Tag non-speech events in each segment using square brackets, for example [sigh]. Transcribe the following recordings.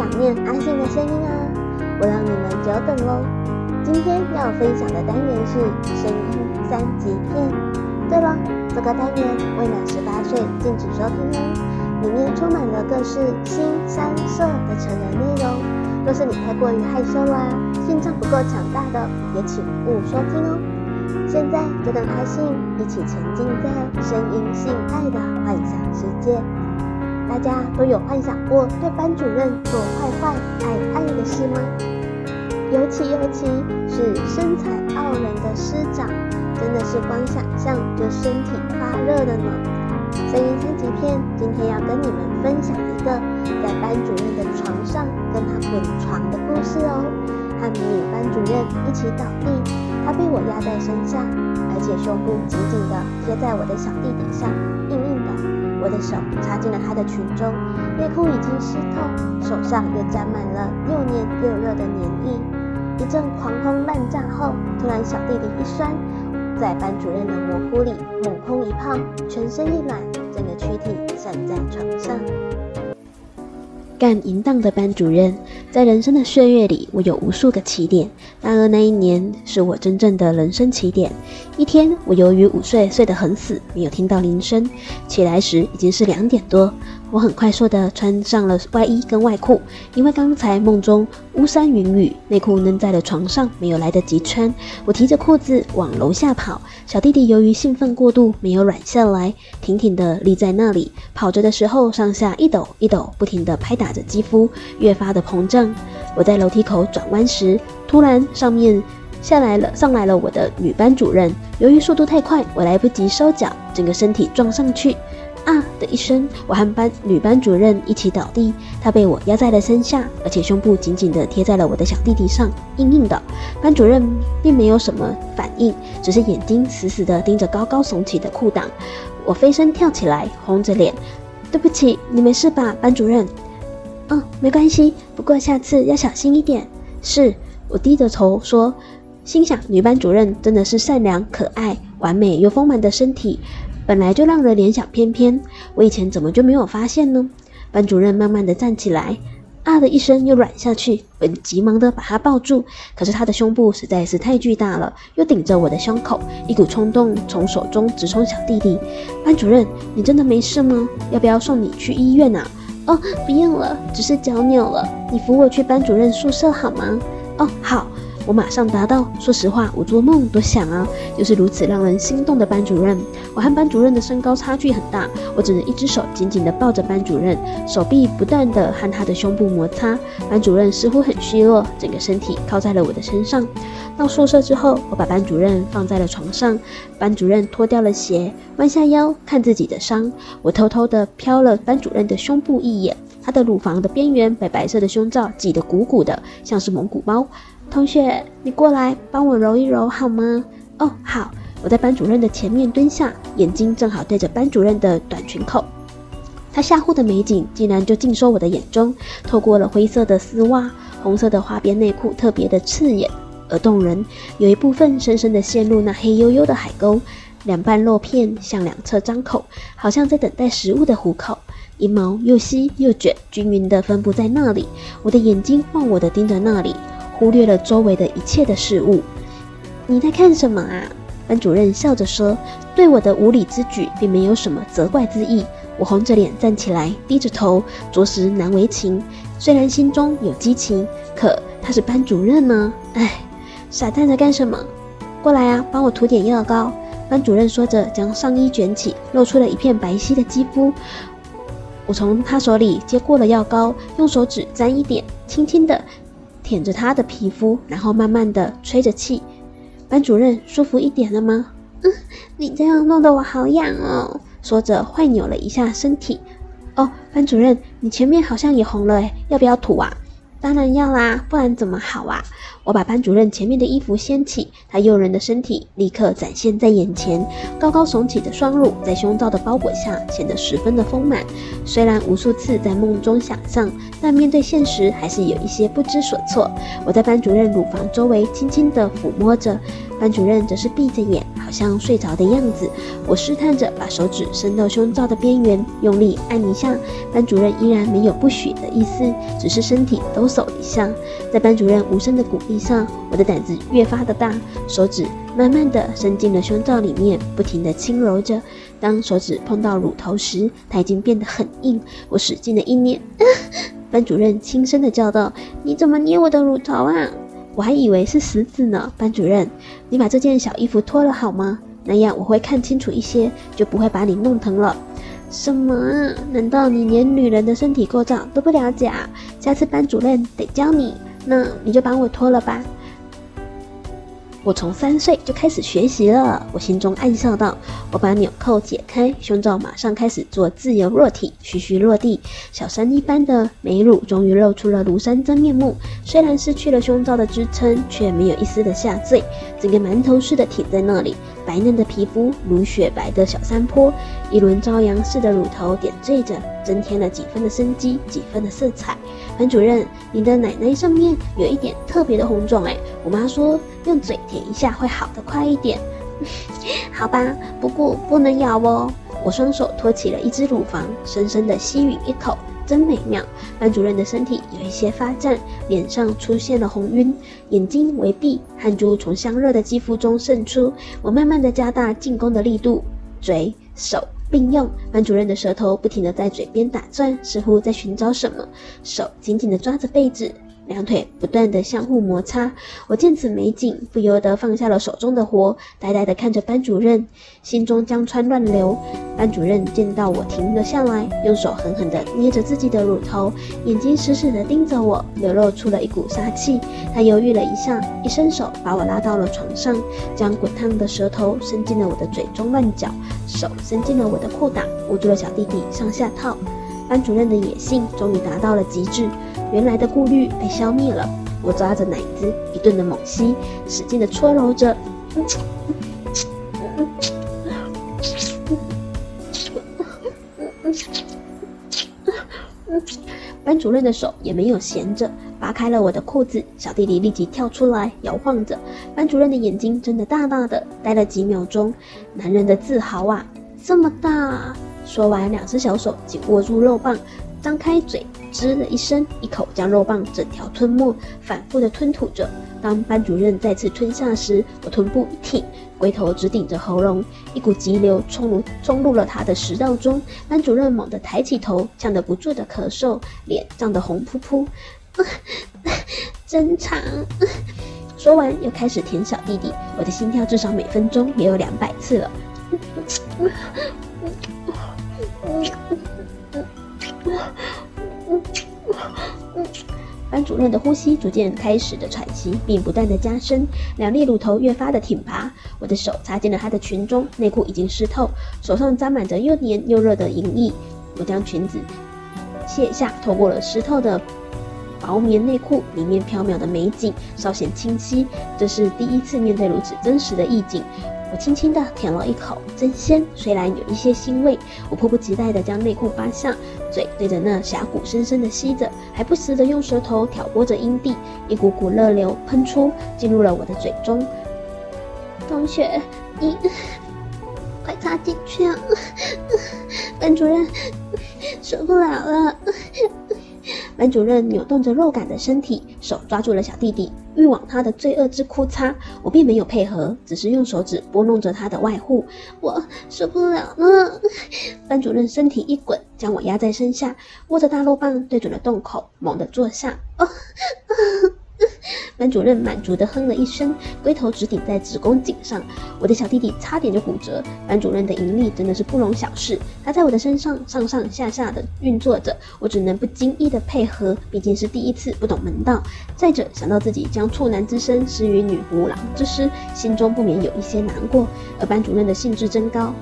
想念阿信的聲音啊！我讓你們久等嘍。今天要分享的單元是聲音三級片。對了，這個單元未滿十八歲禁止收聽哦。裡面充滿了各式新三色的成人內容，若是你太過於害羞啦、啊，心臟不夠強大的，也請勿收聽哦。現在就跟阿信一起沉浸在聲音性愛的幻想世界。大家都有幻想過對班主任做壞壞、愛愛的事嗎？尤其尤其是身材傲人的師長，真的是光想象就身體發熱的呢。聲音三級片今天要跟你們分享一個在班主任的床上跟他滾床的故事哦。他和女班主任，一起倒地，他被我壓在身下，而且胸部緊緊的貼在我的小弟弟上，我的手插進了他的裙中，內褲已經濕透，手上又沾滿了又黏又熱的黏液。一陣狂轟濫炸後，突然小弟弟一酸，在班主任的魔窟裡猛轟一炮，全身一軟，整個軀體散在床上。幹淫蕩的班主任。在人生的歲月裡，我有無數個起點，然而那一年是我真正的人生起點。一天，我由於午睡睡得很死，沒有聽到鈴聲，起來時已經是兩點多。我很快速的穿上了外衣跟外褲，因為剛才夢中巫山雲雨，內褲扔在了床上，沒有來得及穿。我提着褲子往樓下跑，小弟弟由於興奮過度，沒有軟下來，挺挺的立在那裡。跑着的時候，上下一抖一抖，不停的拍打着肌膚，越發的膨脹。我在樓梯口轉彎時，突然上面下來了，上來了我的女班主任。由於速度太快，我來不及收腳，整個身體撞上去。「啊」的一聲，我和班女班主任一起倒地，她被我壓在了身下，而且胸部緊緊地貼在了我的小弟弟上，硬硬的。班主任並沒有什麼反應，只是眼睛死死地盯着高高聳起的褲襠。我飛身跳起來，紅着臉：“對不起，你沒事吧，班主任？”“嗯，沒關係，不過下次要小心一點。”“是。”我低着頭說，心想女班主任真的是善良、可愛、完美又豐滿的身體。本來就讓人聯想翩翩，我以前怎麼就沒有發現呢？班主任慢慢的站起來，啊的一聲又軟下去，我急忙的把他抱住，可是他的胸部實在是太巨大了，又頂着我的胸口，一股衝動從手中直衝小弟弟。班主任，你真的沒事嗎？要不要送你去醫院啊？哦，不用了，只是腳扭了，你扶我去班主任宿舍好嗎？哦，好。我馬上答道：“說實話，我做夢都想啊！又、就是如此讓人心動的班主任。我和班主任的身高差距很大，我只能一隻手緊緊地抱着班主任，手臂不斷地和他的胸部摩擦。班主任似乎很虛弱，整個身體靠在了我的身上。到宿舍之後，我把班主任放在了床上。班主任脫掉了鞋，彎下腰看自己的傷。我偷偷地瞟了班主任的胸部一眼，他的乳房的邊緣被白，白色的胸罩擠得鼓鼓的，像是蒙古包。”同學，你過來幫我揉一揉好嗎？哦，好。我在班主任的前面蹲下，眼睛正好對着班主任的短裙口。她下腹的美景竟然就盡收我的眼中，透過了灰色的絲襪，紅色的花邊內褲特別的刺眼而動人。有一部分深深的陷入那黑黝黝的海溝，兩半落片向兩側張口，好像在等待食物的虎口。陰毛又稀又捲，均勻的分布在那裡。我的眼睛忘我的盯着那裡。忽略了周圍的一切的事物，你在看什麼啊？班主任笑着說：“對我的無理之舉，並沒有什麼責怪之意。”我紅着臉站起來，低着頭，着實難為情。雖然心中有激情，可他是班主任呢。唉，傻站着幹什麼？過來啊，幫我塗點藥膏。班主任說着，將上衣卷起，露出了一片白皙的肌膚。我從他手裡接過了藥膏，用手指沾一點，輕輕地。舔着他的皮膚，然後慢慢的吹着氣。班主任舒服一點了嗎？嗯，你這樣弄得我好癢哦。說着，壞扭了一下身體。哦，班主任，你前面好像也紅了誒，要不要塗啊？當然要啦，不然怎麼好啊？我把班主任前面的衣服掀起，她誘人的身體立刻展現在眼前，高高聳起的雙乳在胸罩的包裹下顯得十分的豐滿。雖然無數次在夢中想象，但面對現實還是有一些不知所措。我在班主任乳房周圍輕輕的撫摸着，班主任則是閉着眼，好像睡着的樣子。我試探着把手指伸到胸罩的邊緣，用力按一下，班主任依然沒有不許的意思，只是身體抖擻一下。在班主任無聲的鼓勵。上我的膽子越發的大，手指慢慢的伸進了胸罩裡面，不停的輕揉着。當手指碰到乳頭時，它已經變得很硬，我使勁的一捏。 [laughs] 班主任輕聲的叫道：“你怎麼捏我的乳頭啊？我還以為是石子呢。”班主任，你把這件小衣服脫了好嗎？那樣我會看清楚一些，就不會把你弄疼了。什麼？難道你連女人的身體構造都不了解啊？下次班主任得教你。那你就幫我脫了吧。我從三歲就開始學習了。我心中暗笑道。我把紐扣解開，胸罩馬上開始做自由落體，徐徐落地。小山一般的美乳終於露出了廬山真面目。雖然失去了胸罩的支撐，卻沒有一絲的下墜，整個饅頭似的挺在那裡。白嫩的皮膚如雪白的小山坡，一輪朝陽似的乳頭點綴着，增添了幾分的生機，幾分的色彩。班主任，你的奶奶上面有一點特別的紅腫，哎，我媽說用嘴舔一下會好得快一點， [laughs] 好吧，不過不能咬哦。我雙手托起了一隻乳房，深深的吸吮一口。真美妙！班主任的身體有一些發顫，臉上出現了紅暈，眼睛微閉，汗珠從香熱的肌膚中滲出。我慢慢的加大進攻的力度，嘴手並用。班主任的舌頭不停的在嘴邊打轉，似乎在尋找什麼，手緊緊的抓着被子。兩腿不斷的相互摩擦，我見此美景，不由得放下了手中的活，呆呆的看着班主任，心中江川亂流。班主任見到我停了下來，用手狠狠地捏着自己的乳頭，眼睛死死的盯着我，流露出了一股殺氣。他猶豫了一下，一伸手把我拉到了床上，將滾燙的舌頭伸進了我的嘴中亂攪，手伸進了我的褲襠，捂住了小弟弟上下套。班主任的野性終於達到了極致。原來的顧慮被消滅了，我抓着奶子一頓的猛吸，使勁的搓揉着。班主任的手也沒有閒着，扒開了我的褲子，小弟弟立即跳出來，搖晃着。班主任的眼睛睜得大大的，呆了幾秒鐘。男人的自豪啊，這麼大啊！說完，兩只小手緊握住肉棒，張開嘴。吱的一聲，一口將肉棒整條吞沒，反覆的吞吐着。當班主任再次吞下時，我臀部一挺，龜頭直頂着喉嚨，一股急流衝入衝入了他的食道中。班主任猛地抬起頭，嗆得不住的咳嗽，臉脹得紅撲撲。 [laughs] 真長！ [laughs] 說完又開始舔小弟弟，我的心跳至少每分鐘也有兩百次了。 [laughs] 主任的呼吸逐漸開始的喘息，並不斷的加深，兩粒乳頭越發的挺拔。我的手插進了她的裙中，內褲已經濕透，手上沾滿着又黏又熱的淫液。我將裙子卸下，透過了濕透的薄棉內褲，裡面飄渺的美景稍顯清晰。這是第一次面對如此真實的意境。我輕輕的舔了一口，真鮮，雖然有一些腥味。我迫不及待地將內褲扒下，嘴對着那峽谷深深地吸着，還不時地用舌頭挑撥着陰蒂，一股股熱流噴出，進入了我的嘴中。同學，你快插進去啊！ [laughs] 班主任，受不了了！ [laughs] 班主任扭動着肉感的身體，手抓住了小弟弟。欲往他的罪惡之窟插，我並沒有配合，只是用手指撥弄着他的外戶。我受不了了，班主任身體一滾，將我壓在身下，握着大肉棒對準了洞口，猛地坐下。哦哦班主任滿足地哼了一聲，龜頭直頂在子宮頸上，我的小弟弟差點就骨折。班主任的淫力真的是不容小視，他在我的身上上上下下的運作着，我只能不經意的配合，畢竟是第一次，不懂門道。再者，想到自己將處男之身施於女無狼之師，心中不免有一些難過。而班主任的興致真高。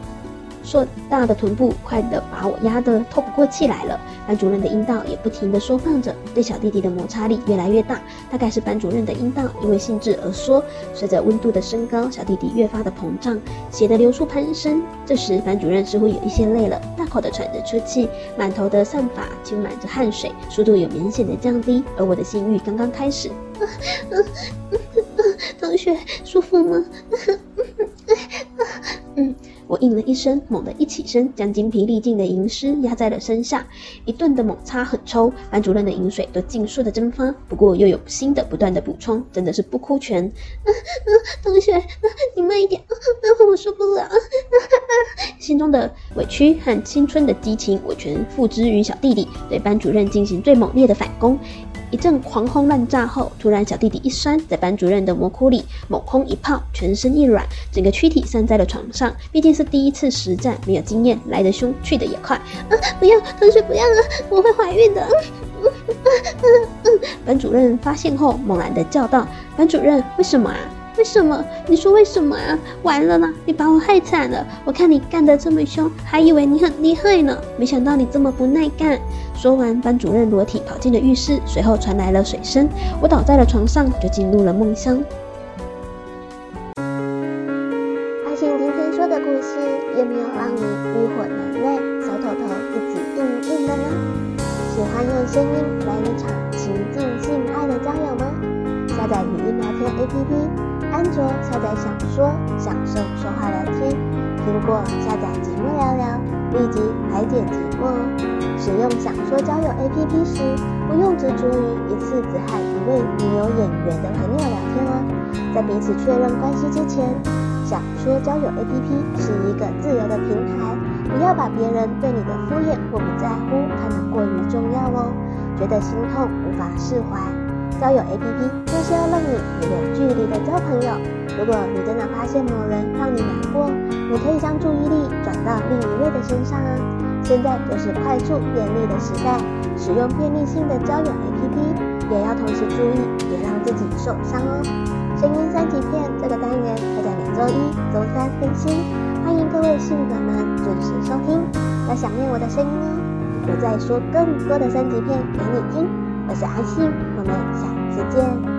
碩大的臀部快的把我壓得透不過氣來了，班主任的陰道也不停的縮放着，對小弟弟的摩擦力越來越大。大概是班主任的陰道因為興致而縮，隨着溫度的升高，小弟弟越發的膨脹，血的流速攀升。這時班主任似乎有一些累了，大口的喘着粗氣，滿頭的散髮浸滿着汗水，速度有明顯的降低。而我的性欲剛剛開始，啊啊啊啊、同學舒服嗎？啊我應了一聲，猛地一起身，將精疲力盡的淫師壓在了身下，一頓的猛插狠抽，班主任的淫水都盡數的蒸發，不過又有新的不斷的補充，真的是不枯泉。嗯、啊啊，同學，你慢一點，啊、我受不了。啊啊、心中的委屈和青春的激情，我全付之於小弟弟，對班主任進行最猛烈的反攻。一陣狂轟亂炸後，突然小弟弟一酸，在班主任的魔窟裡猛轟一炮，全身一軟，整個軀體散在了床上。畢竟是第一次實戰，沒有經驗，來得凶，去的也快。啊，不要，同學不要啊，我會懷孕的！嗯嗯嗯嗯嗯，嗯嗯班主任發現後，猛然的叫道：“班主任，為什麼啊？”為什麼？你說為什麼啊？完了啦！你把我害慘了！我看你幹得這麼凶，還以為你很厲害呢，沒想到你這麼不耐幹。說完，班主任裸體跑進了浴室，隨後傳來了水聲。我倒在了床上，就進入了夢鄉。阿信今天說的故事，有沒有讓你欲火難耐、小頭頭自己定定的呢？喜歡用聲音來一場情境性愛的交友嗎？下載語音聊天 APP。安卓下載享說，享受說話聊天；蘋果下載寂寞聊聊，立即排解寂寞哦。使用享說交友 APP 時，不用執着於一次只喊一位與你有眼緣的朋友聊天哦。在彼此確認關係之前，享說交友 APP 是一個自由的平台，不要把別人對你的敷衍或不在乎看得過於重要哦，覺得心痛無法釋懷。交友 APP 就是要讓你沒有距離的交朋友。如果你真的發現某人讓你難過，你可以將注意力轉到另一位的身上啊。現在就是快速便利的時代，使用便利性的交友 APP，也要同時注意別讓自己受傷哦。聲音三級片這個單元會在每周一、周三更新，歡迎各位性粉們準時收聽。要想念我的聲音哦，我再說更多的三級片給你聽。我是安心。我們下次見。